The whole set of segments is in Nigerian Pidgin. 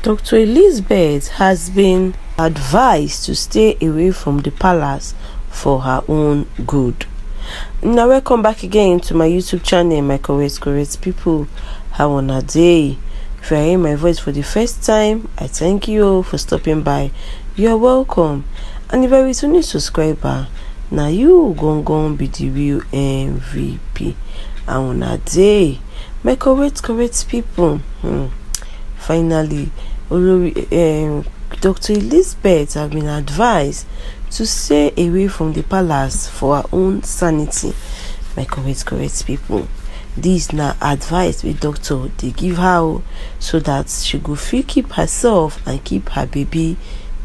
Dr. Elizabeth has been advised to stay away from the palace for her own good. Now, welcome back again to my YouTube channel, my correct, correct people. How on a day? If you're hearing my voice for the first time, I thank you all for stopping by. You're welcome. And if you're a new subscriber, now you gon' gon' be the real MVP. How on a day, my correct, correct people. Hmm. Finally, Olori, uh, eh, Dr. Elizabeth has been advised to stay away from the palace for her own sanity. My correct, correct people. This now advice with doctor they give her so that she go fit keep herself and keep her baby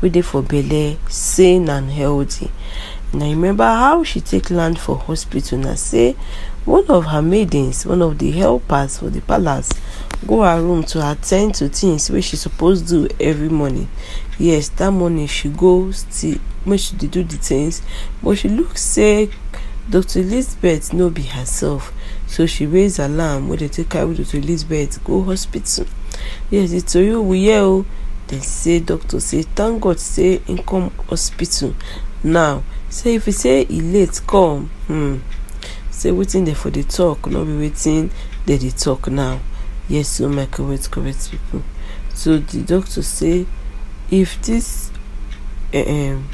wey dey for belle sane and healthy Now remember how she take land for hospital na say one of her maidens, one of the helpers for the palace, go her room to attend to things which she suppose do every morning. Yes, that morning she go still make she dey do the things but she looks say Dr. Elizabeth no be herself so she raise alarm when they take her with Dr. Elizabeth go hospital. Yes, the tori we hear dem say doctor say thank god say im come hospital now say if e say e late come um say wetin dem for dey talk no be wetin dem dey talk now yes o oh my correct correct pipo so di doctor say if dis um,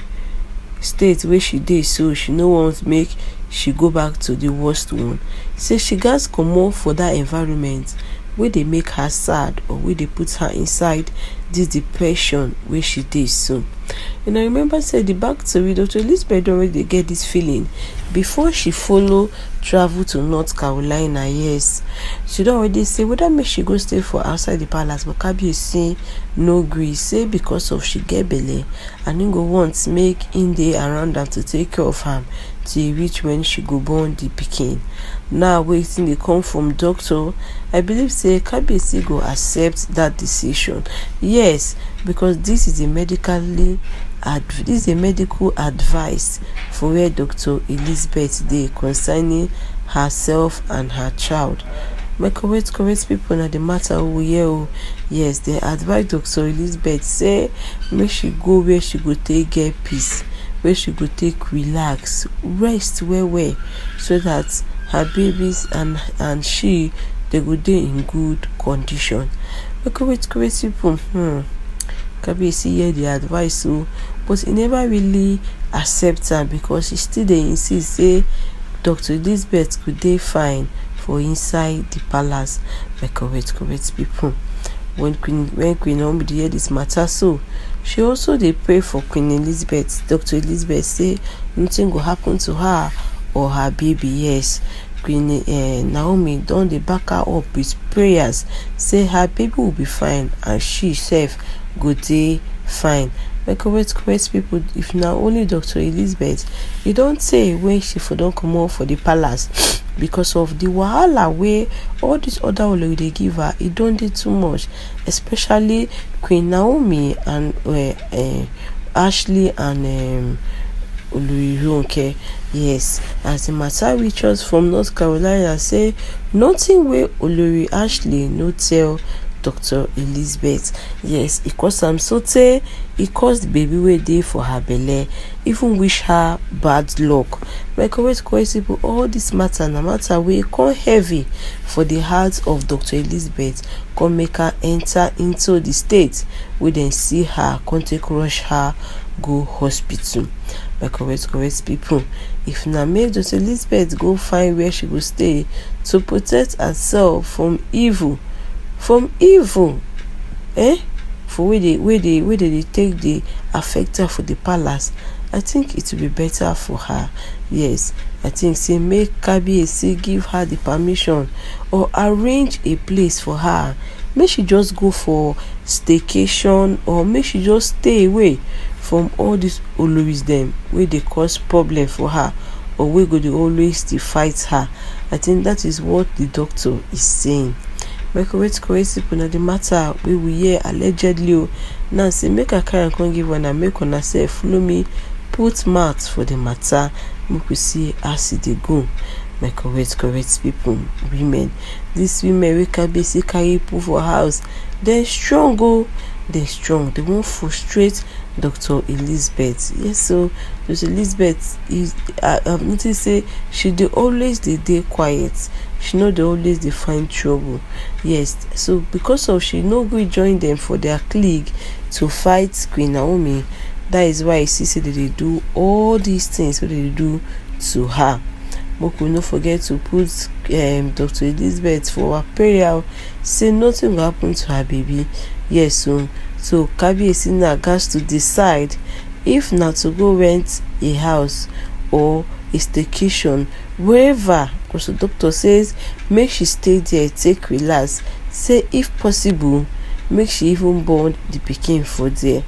state wey she dey so she no want make she go back to di worst one say she gatz comot for dat environment Where they make her sad or where they put her inside this depression where she did soon. And I remember said the back story, Dr. Elizabeth already get this feeling before she follow travel to North Carolina. Yes, she don't already say whether make she go stay for outside the palace, but you say no grief, say because of she get belly. and go want make in day around am to take care of her till reach when she go born the pikin. Now waiting they come from doctor, I believe say Kabi go accept that decision. Yes, because this is a medically adv- this is a medical advice for where Dr. Elizabeth Day concerning herself and her child. My correct correct people Now the matter oh yeah yes they advise Dr. Elizabeth say make she go where she go take get peace where she go take relax rest where where, so that her babies and and she they go dey in good condition. My correct correct people hmm. Kabiyesi hear the advice so oh, but he never really accept am because he still dey insist say Dr Elizabeth go dey fine for inside the palace by correct correct people. When Queen, when Queen Naomi hear dis matter so she also dey pray for Queen Elizabeth, Dr Elizabeth say nothing go happen to her or her baby yes Queen uh, Naomi don dey back her up with prayers say her baby will be fine and she sef go dey fine correct correct people. if na only dr elizabeth e don tey wey she for don comot for the palace because of the wahala wey all dis other olori dey give her e don dey too much especially queen naomi and eh, eh, ashley and Oluyironke. Yes, as the matter reaches from North Carolina say nothing wey Olori Ashley no tell dr elizabeth yes it caused am sotey It cause baby wey for her belly. even wish her bad luck my correct correct all this matter no matter way, come heavy for the heart of dr elizabeth come make her enter into the state We then see her come take rush her go hospital my correct correct people. if na make dr elizabeth go find where she will stay to protect herself from evil from even eh, for where they, where they, where they take the affect her for the palace i think it will be better for her yes i think say make kabiyesi give her the permission or arrange a place for her make she just go for staycation or make she just stay away from all these oloris dem wey dey cause problem for her or wey go dey always dey fight her i think that is what the doctor is saying make wait cohesive una the matter wey we hear allegedly o oh. now say make i carry am come give una make una sef follow me put mouth for the matter make we see as e dey go my correct people women This women wey kabiyesi carry put for house dem strong o oh. dem strong dem wan frustrate dr elizabeth yes So oh. dr elizabeth is i uh, have um, noticed say she dey always dey dey quiet she know dey always dey find trouble yes so because of she no gree join them for their clique to fight queen naomi That is why I see say dem dey do all these things. wey they dey do to her make we no forget to put um, dr elizabeth for our prayer say nothing go happen to her baby yes o so kabiyesi now gats to decide if na to go rent a house or the kitchen. wherever doctor says make she stay there take relax, say if possible make she even born the pikin for there.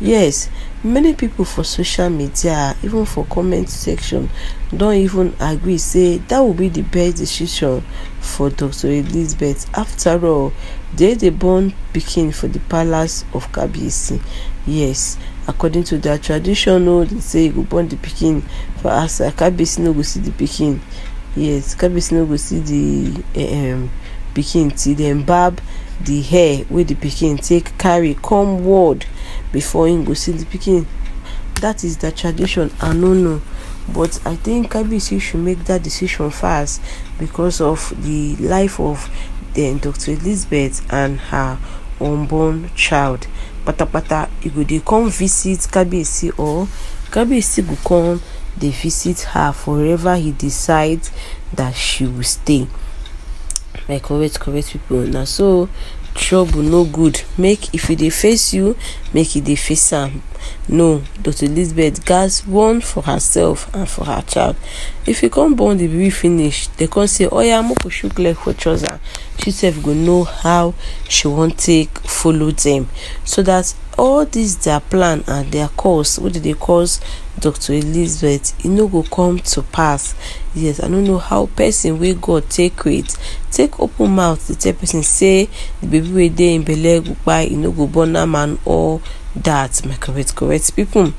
yes many people for social media even for comment section don even agree say that would be the best decision for dr elizabeth After all they dey born pikin for the palace of kabiyesi yes according to their tradition o say you go born the pikin for us, kabiyesi no go see the pikin yes kabisi no go see the um, pikin till dem barb the hair wey the pikin take carry come word before him go see the pikin that is the tradition i no know but i think kabiyesi should make that decision fast because of the life of then dr elizabeth and her unborn child patapata e go dey come visit kabiyesi or kabiyesi go come dey visit her forever he decide that she will stay my correct correct people na so trouble no good make if e dey face you make e dey face am no dr elizabeth gatz warn for herself and for her child if e come born the baby finish dem come say oya make we chook leg for trouser she sef go know how she wan take follow dem so that all this their plan and their cause wey dey dey cause dr elizabeth e no go come to pass yes i no know how person wey god take create take open mouth to tell person say the baby wey dey im belle go kpai e no go born am and all that my correct correct people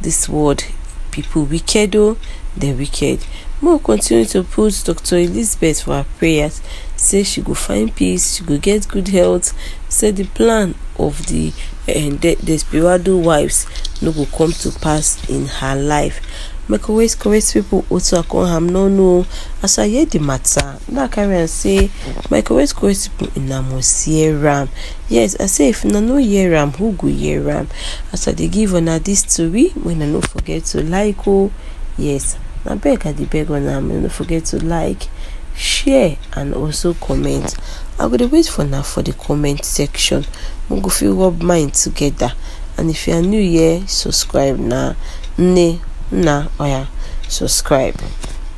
this word, people wicked o oh, dem wicked more continue to put dr elizabeth for her prayers say she go find peace she go get good health say the plan of the uh, eh, desperado wives no go come to pass in her life make always correct people also come ham no no as i hear the matter now carry and say make always correct people in amos hear am yes i say if una no hear am who go year ram. as i dey give a this to we when i no forget to like oh yes na beg i the beg una make no forget to like share and also comment i go to wait for now for the comment section we go feel rub mind together and if you are new here subscribe now. nne na oya oh subscribe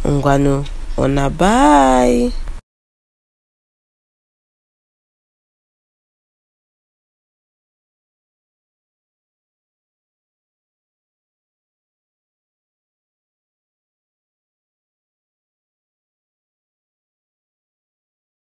ngwanụ ọna bye